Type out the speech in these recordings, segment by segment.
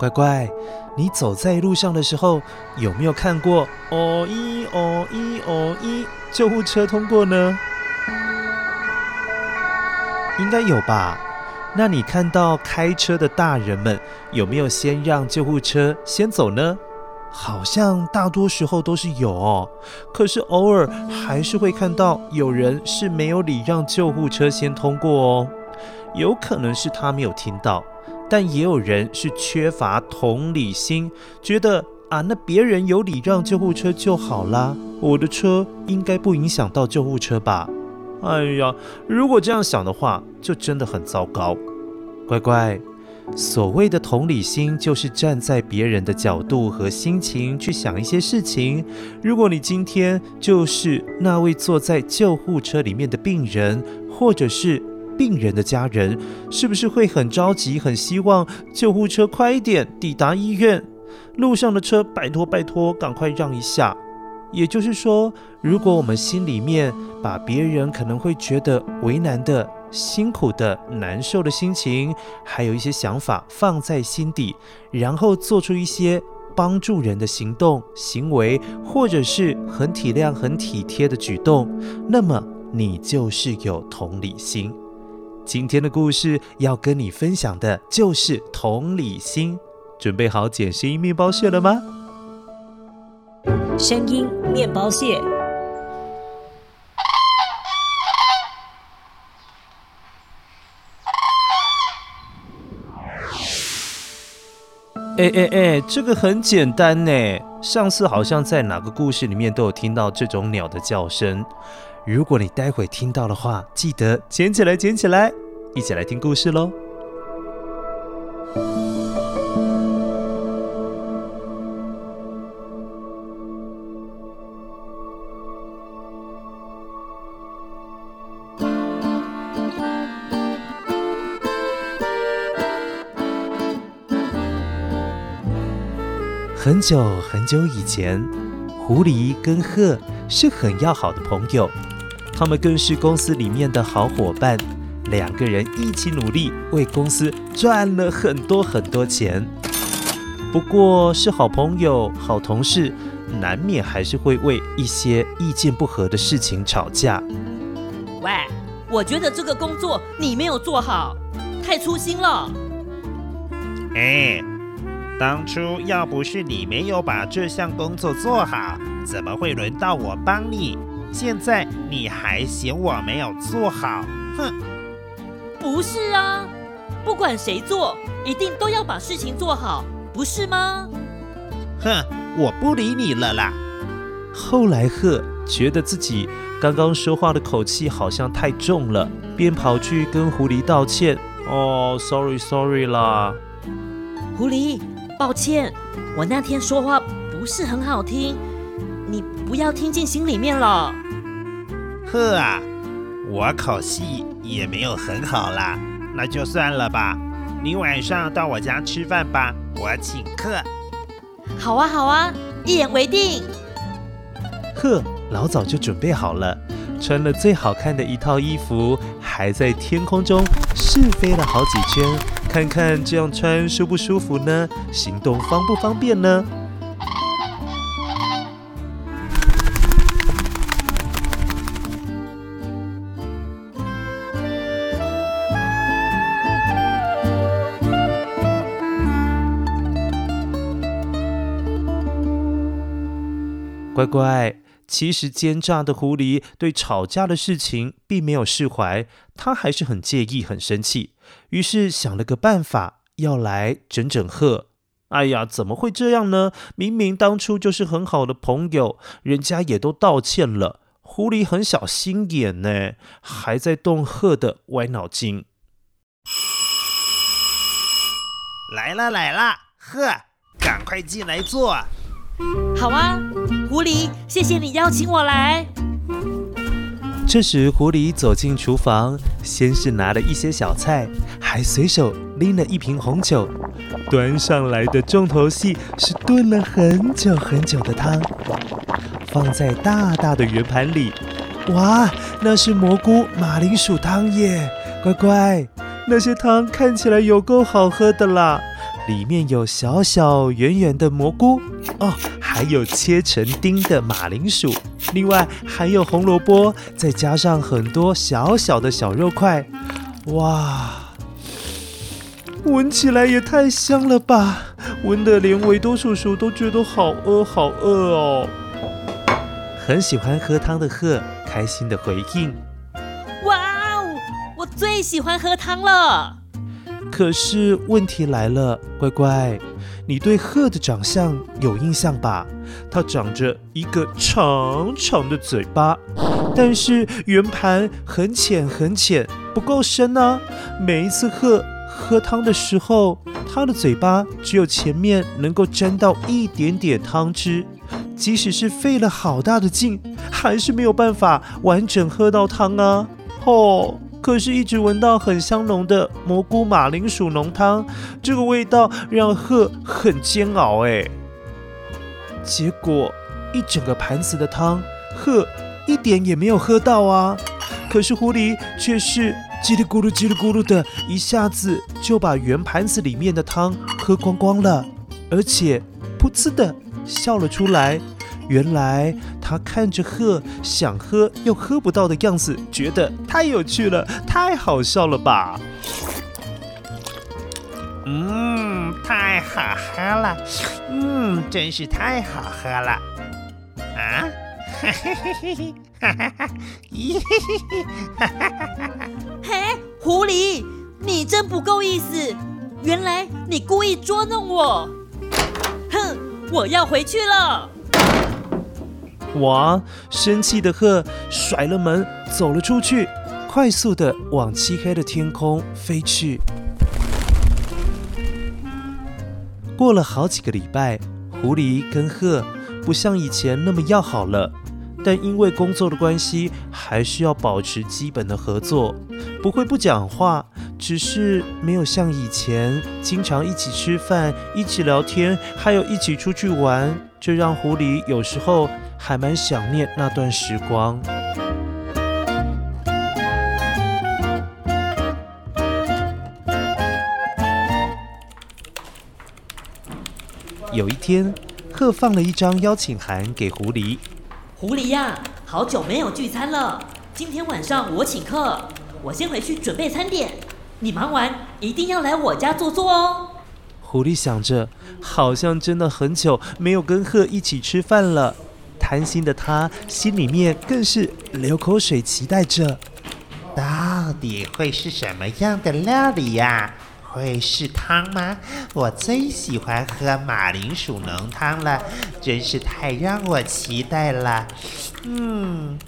乖乖，你走在路上的時候，有沒有看過哦一哦一哦一救護車通過呢？應該有吧？那你看到開車的大人們，有沒有先讓救護車先走呢？好像大多時候都是有哦，可是偶爾還是會看到有人是沒有禮讓救護車先通過哦，有可能是他沒有聽到。但也有人是缺乏同理心，覺得啊，那別人有禮讓救護車就好啦，我的車應該不影響到救護車吧？哎呀，如果這樣想的話，就真的很糟糕。乖乖，所謂的同理心就是站在別人的角度和心情去想一些事情。如果你今天就是那位坐在救護車裡面的病人，或者是……病人的家人是不是會很着急、很希望救護車快一點抵達醫院？路上的車，拜托拜托，趕快讓一下。也就是說，如果我們心裡面把別人可能會覺得為難的、辛苦的、難受的心情，還有一些想法放在心底，然後做出一些幫助人的行動、行為，或者是很體諒、很體貼的舉動，那麼你就是有同理心。今天的故事要跟你分享的就是同理心，準備好撿聲音麵包屑了嗎？聲音麵包屑。哎哎哎，這個很簡單呢。上次好像在哪個故事裡面都有聽到這種鳥的叫聲。如果你待會聽到的話，記得撿起來，撿起來，一起來聽故事嘍。很久很久以前。狐狸跟鶴是很要好的朋友，他們更是公司裡面的好夥伴。兩個人一起努力，為公司賺了很多很多錢。不過，是好朋友、好同事，難免還是會為一些意見不合的事情吵架。喂，我覺得這個工作你沒有做好，太粗心了。哎！當初要不是你沒有把這項工作做好，怎麼會輪到我幫你？現在你還嫌我沒有做好？哼，不是啊，不管誰做，一定都要把事情做好，不是嗎？哼，我不理你了啦。後來鶴覺得自己剛剛說話的口氣好像太重了，便跑去跟狐狸道歉。哦，sorry sorry 啦，狐狸。抱歉，我那天說話不是很好聽，你不要聽進心裡面了。呵啊，我考戲也沒有很好啦，那就算了吧。你晚上到我家吃飯吧，我請客。好啊好啊，一言為定。鶴老早就準備好了，穿了最好看的一套衣服，還在天空中試飛了好幾圈。看看這樣穿舒不舒服呢？行動方不方便呢？乖乖。其實，奸詐的狐狸對吵架的事情並沒有釋懷，他還是很介意、很生氣，於是想了個辦法要來整整鶴。哎呀，怎麼會這樣呢？明明當初就是很好的朋友，人家也都道歉了。狐狸很小心眼呢，還在動鶴的歪腦筋。來了，來了，鶴，趕快進來坐。好啊，狐狸，謝謝你邀請我來。這時，狐狸走進廚房，先是拿了一些小菜，還隨手拎了一瓶紅酒。端上來的重頭戲是燉了很久很久的湯，放在大大的圓盤裡。哇，那是蘑菇、馬鈴薯湯耶！乖乖，那些湯看起來有夠好喝的啦，裡面有小小圓圓的蘑菇哦。還有切成丁的馬鈴薯，另外還有紅蘿蔔，再加上很多小小的小肉塊，哇，聞起來也太香了吧！聞得連維多叔叔都覺得好餓，好餓哦。很喜歡喝湯的鶴開心的回應：“哇哦，我最喜歡喝湯了。”可是問題來了，乖乖，你對鶴的長相有印象吧？它長着一個長長的嘴巴，但是圓盤很淺很淺，不夠深啊。每一次鶴喝湯的時候，它的嘴巴只有前面能夠沾到一點點湯汁，即使是費了好大的勁，還是沒有辦法完整喝到湯啊！吼、哦！可是，一直聞到很香濃的蘑菇馬鈴薯濃湯，這個味道讓鶴很煎熬，欸。結果，一整個盤子的湯，鶴一點也沒有喝到啊。可是，狐狸卻是嘰里咕嚕、嘰里咕嚕的，一下子就把圓盤子裡面的湯喝光光了，而且噗呲的笑了出來。原來。他看着喝想喝又喝不到的樣子，覺得太有趣了，太好笑了吧？嗯，太好喝了，嗯，真是太好喝了。啊？嘿嘿嘿嘿嘿嘿嘿嘿哈哈哈哈哈嘿，狐狸，你真不夠意思！原來你故意捉弄我。哼，我要回去了。哇！生氣的鶴甩了門，走了出去，快速地往漆黑的天空飛去。過了好幾個禮拜，狐狸跟鶴不像以前那麼要好了，但因為工作的關係，還需要保持基本的合作，不會不講話，只是沒有像以前經常一起吃飯、一起聊天，還有一起出去玩，這讓狐狸有時候。還蠻想念那段時光。有一天，鶴放了一張邀請函給狐狸。狐狸呀啊，好久沒有聚餐了，今天晚上我請客，我先回去準備餐點，你忙完一定要來我家坐坐哦。狐狸想着，好像真的很久沒有跟鶴一起吃飯了。貪心的他心裡面更是流口水，期待着，到底會是什麼樣的料理呀，啊？會是湯嗎？我最喜歡喝馬鈴薯濃湯了，真是太讓我期待了。嗯，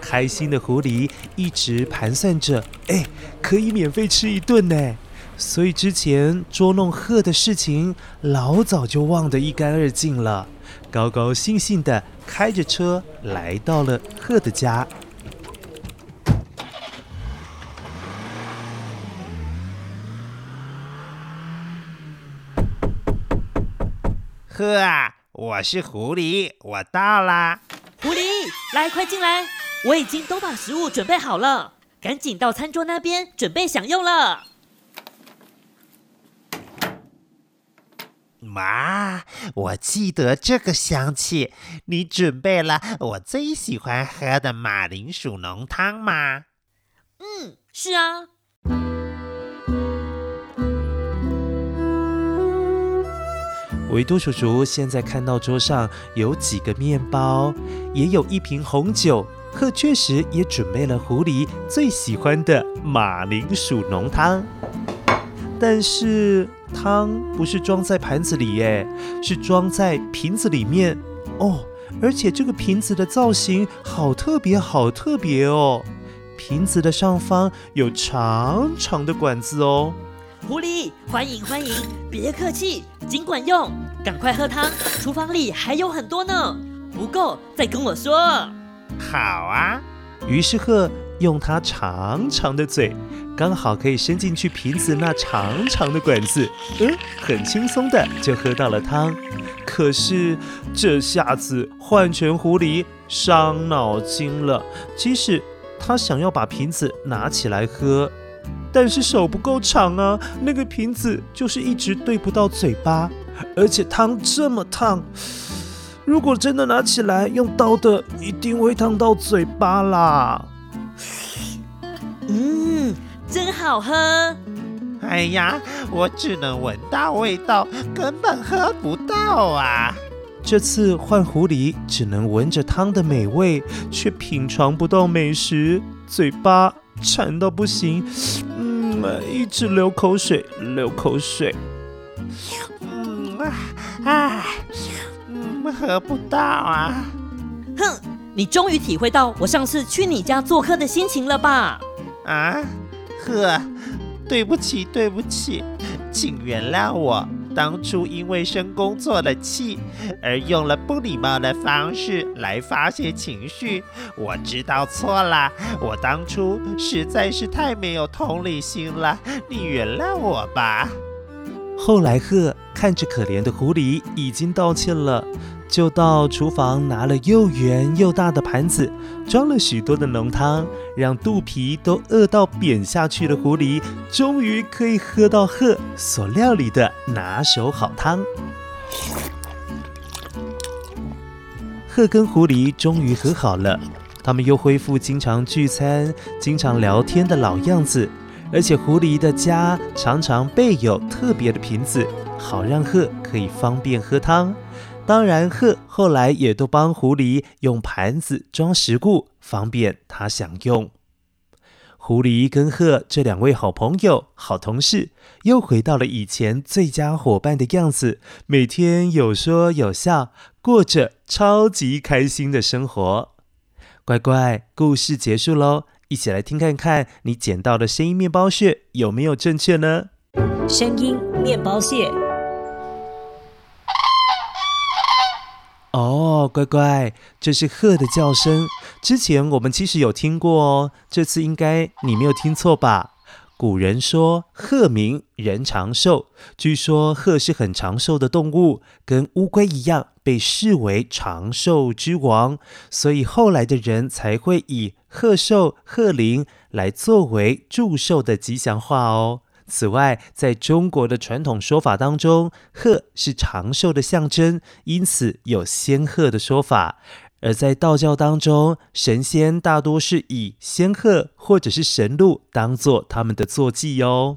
開心的狐狸一直盤算着，哎，可以免費吃一頓呢，所以之前捉弄鶴的事情，老早就忘得一乾二淨了。高高興興的開着車來到了鶴的家。鶴啊，我是狐狸，我到啦！狐狸，來，快進來，我已經都把食物準備好了，趕緊到餐桌那邊準備享用了。媽，我記得這個香氣，你準備了我最喜歡喝的馬鈴薯濃湯嗎？嗯，是啊。維多叔叔現在看到桌上有幾個麵包，也有一瓶紅酒，可確實也準備了狐狸最喜歡的馬鈴薯濃湯，但是。湯不是裝在盤子裡耶，是裝在瓶子裡面哦。而且這個瓶子的造型好特別，好特別哦。瓶子的上方有長長的管子哦。狐狸，歡迎歡迎，別客氣，儘管用，趕快喝湯。廚房裡還有很多呢，不夠再跟我說。好啊。於是鶴用它長長的嘴。剛好可以伸進去瓶子那長長的管子，嗯，很輕鬆的就喝到了湯。可是這下子換成狐狸傷腦筋了，即使他想要把瓶子拿起來喝，但是手不夠長啊，那個瓶子就是一直對不到嘴巴，而且湯這麼燙，如果真的拿起來用倒的，一定會燙到嘴巴啦。嗯。真好喝！哎呀，我只能聞到味道，根本喝不到啊！這次換狐狸，只能聞着湯的美味，卻品嘗不到美食，嘴巴饞到不行，嗯，一直流口水，流口水，嗯，唉、啊啊，嗯，喝不到啊！哼，你終於體會到我上次去你家做客的心情了吧？啊？呵，對不起，對不起，請原諒我。當初因為生工作的氣，而用了不禮貌的方式來發洩情緒，我知道錯了。我當初實在是太沒有同理心了，你原諒我吧。後來，鶴看着可憐的狐狸，已經道歉了。就到廚房拿了又圓又大的盤子，裝了許多的濃湯，讓肚皮都餓到扁下去的狐狸，終於可以喝到鶴所料理的拿手好湯。鶴跟狐狸終於和好了，他們又恢復經常聚餐、經常聊天的老樣子，而且狐狸的家常常備有特別的瓶子，好讓鶴可以方便喝湯。當然，鶴後來也都幫狐狸用盤子裝食物，方便他享用。狐狸跟鶴這兩位好朋友、好同事，又回到了以前最佳夥伴的樣子，每天有說有笑，過着超級開心的生活。乖乖，故事結束嘍，一起來聽看看你撿到的聲音面包屑有沒有正確呢？聲音面包屑。乖乖，這是鶴的叫聲。之前我們其實有聽過哦，這次應該你沒有聽錯吧？古人說鶴鳴人長壽，據說鶴是很長壽的動物，跟烏龜一樣被視為長壽之王，所以後來的人才會以鶴壽、鶴齡來作為祝壽的吉祥話哦。此外，在中國的傳統說法當中，鶴是長壽的象徵，因此有仙鶴的說法。而在道教當中，神仙大多是以仙鶴或者是神鹿當做他們的坐騎哦。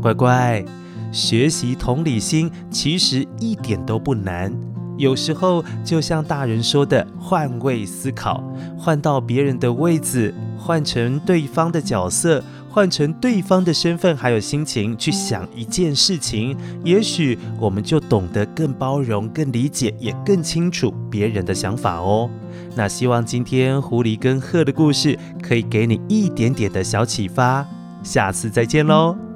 乖乖，學習同理心其實一點都不難。有時候就像大人說的，換位思考，換到別人的位置，換成對方的角色，換成對方的身份，還有心情去想一件事情，也許我們就懂得更包容、更理解，也更清楚別人的想法哦。那希望今天狐狸跟鶴的故事可以給你一點點的小啟發，下次再見嘍。